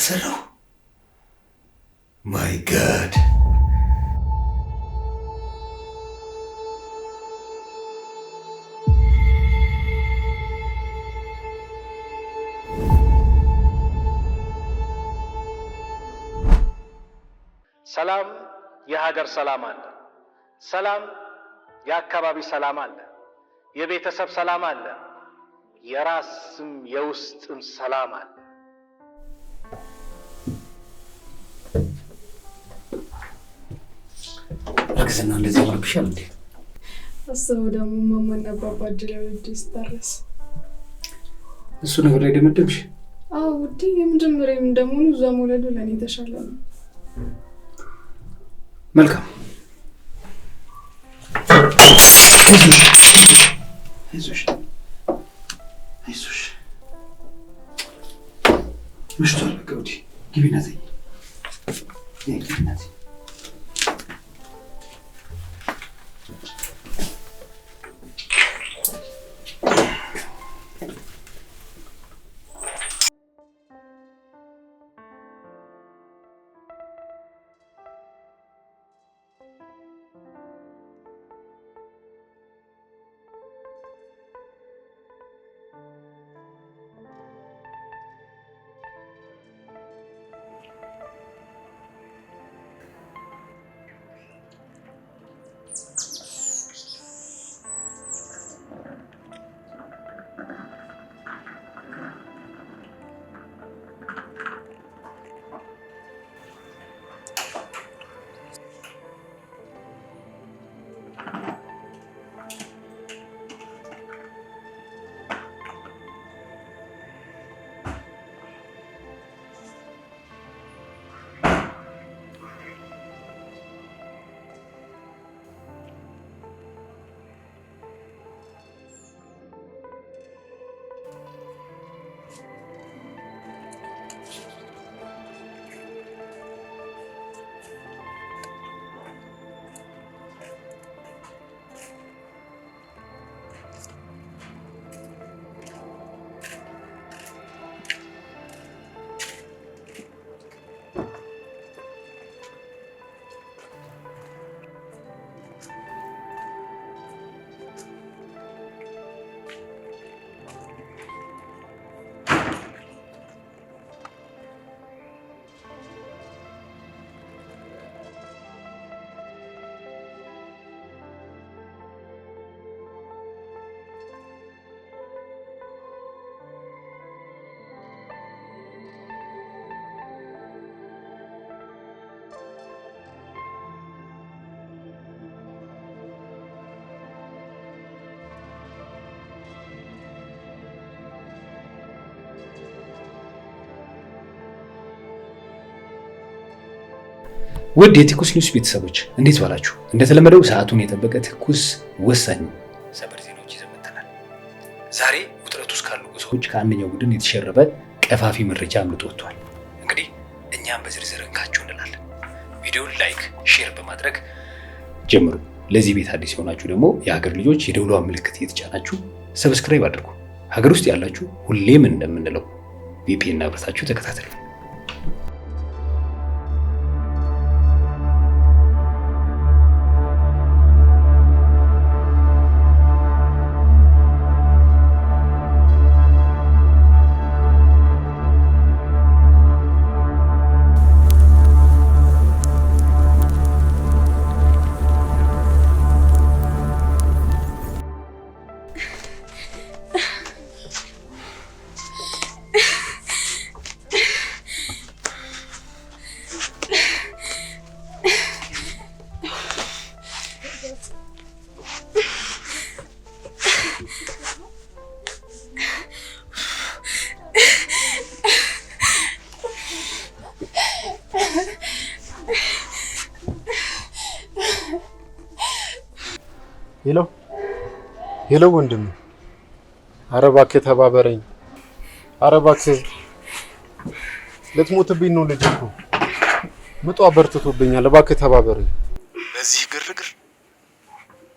ካልሰራው ማይ ጋድ ሰላም የሀገር ሰላም አለ። ሰላም የአካባቢ ሰላም አለ። የቤተሰብ ሰላም አለ። የራስም የውስጥም ሰላም አለ። እርግዝና እንደዚህ ያምርብሻል እንዴ? አስበው ደግሞ ማማና አባባ ድለወድ ስታረስ እሱ ነገር ላይ ደመደምሽ? አዎ ውዴ፣ የመጀመሪያም እንደመሆኑ እዛ መውለዱ ለእኔ የተሻለ ነው። መልካም አይዞሽ፣ አይዞሽ። ምሽቷል። በቃ ውዴ፣ ግቢና ተኝ፣ ግቢና ተኝ ውድ የትኩስ ኒውስ ቤተሰቦች እንዴት ዋላችሁ? እንደተለመደው ሰዓቱን የጠበቀ ትኩስ ወሳኝ ሰበር ዜናዎች ይዘን መጥተናል። ዛሬ ውጥረት ውስጥ ካሉ ሰዎች ከአንደኛው ቡድን የተሸረበ ቀፋፊ መረጃ አምልጦ ወጥቷል። እንግዲህ እኛም በዝርዝር እንካችሁ እንላለን። ቪዲዮን ላይክ፣ ሼር በማድረግ ጀምሩ። ለዚህ ቤት አዲስ የሆናችሁ ደግሞ የሀገር ልጆች የደውሏ ምልክት እየተጫናችሁ ሰብስክራይብ አድርጉ። ሀገር ውስጥ ያላችሁ ሁሌም እንደምንለው ቪፒኤን አብርታችሁ ተከታተሉ። ሄሎ ሄሎ፣ ወንድም ኧረ እባክህ ተባበረኝ። ኧረ ልትሞትብኝ ነው። ልጅ እኮ ምጧ በርትቶብኛል። እባክህ ተባበረኝ። በዚህ ግርግር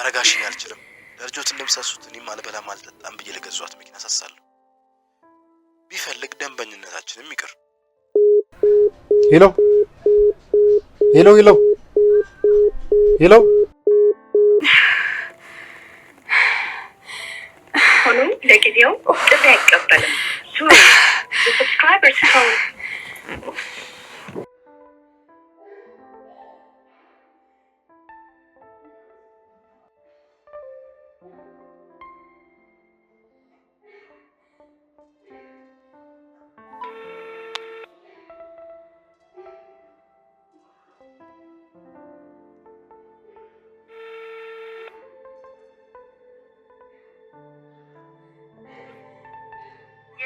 አረጋሽኝ አልችልም። ለልጆት እንደምሳሱት እኔም አልበላም አልጠጣም ብዬ ለገዟት መኪና አሳሳለሁ። ቢፈልግ ደንበኝነታችንም ይቅር። ሄሎ ሄሎ ሄሎ ሄሎ Denk je niet om? De make-up bellen. De subscribers gewoon.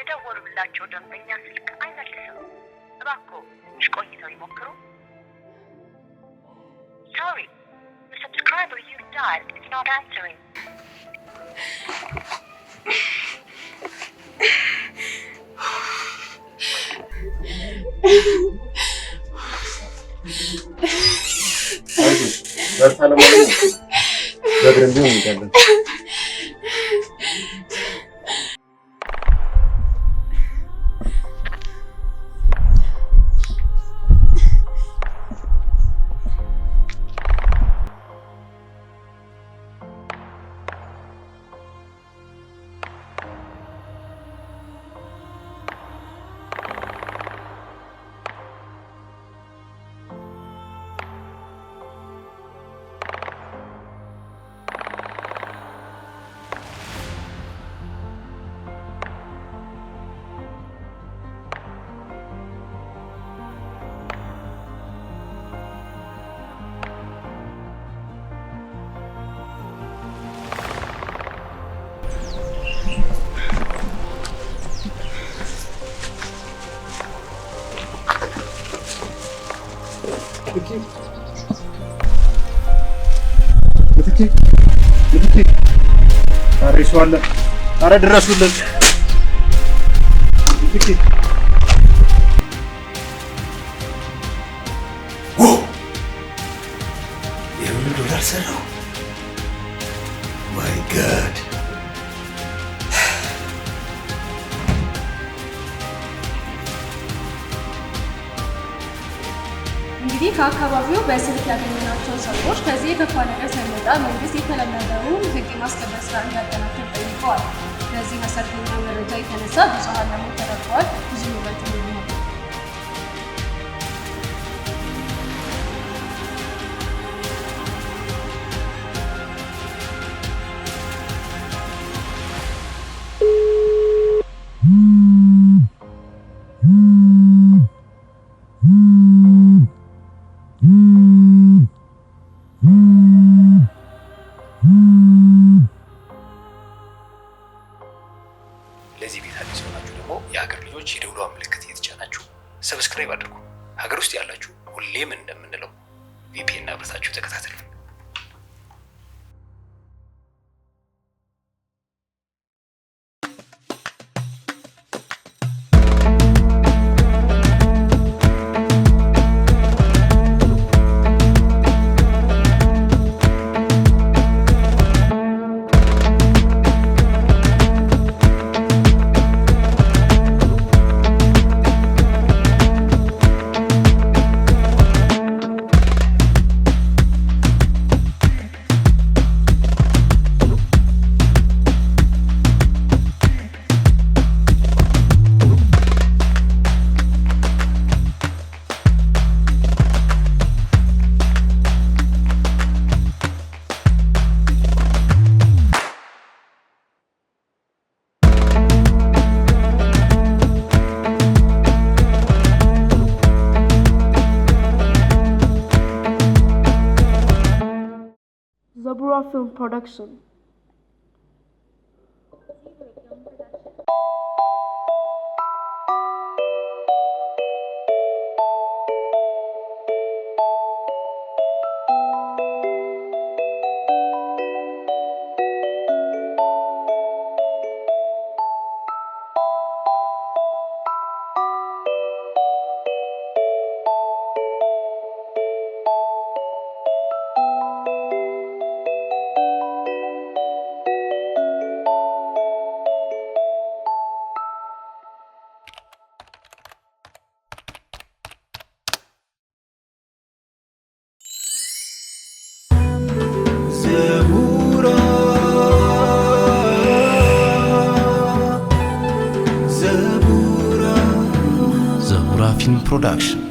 የደወሉላቸው ደንበኛ ስልክ አይመልስም። እባክዎ ትንሽ ቆይተው ይሞክሩ። Sorry, the subscriber you dialed is not በርታ ለማለት ነው። በእግር እንዲሁም እንሄዳለን። Bakayım. ምትኬ ምትኬ፣ ድረሱልን ምትኬ ከአካባቢው በስልክ ያገኘናቸው ሰዎች ከዚህ የከፋ ነገር ሳይመጣ መንግስት የተለመደውን ህግ የማስከበር ስራ እንዲያጠናክር ጠይቀዋል። በዚህ መሰረተኛ መረጃ የተነሳ ብዙሀን ለሞት ተደርገዋል። ብዙ ንብረት Zabura Film Production. production.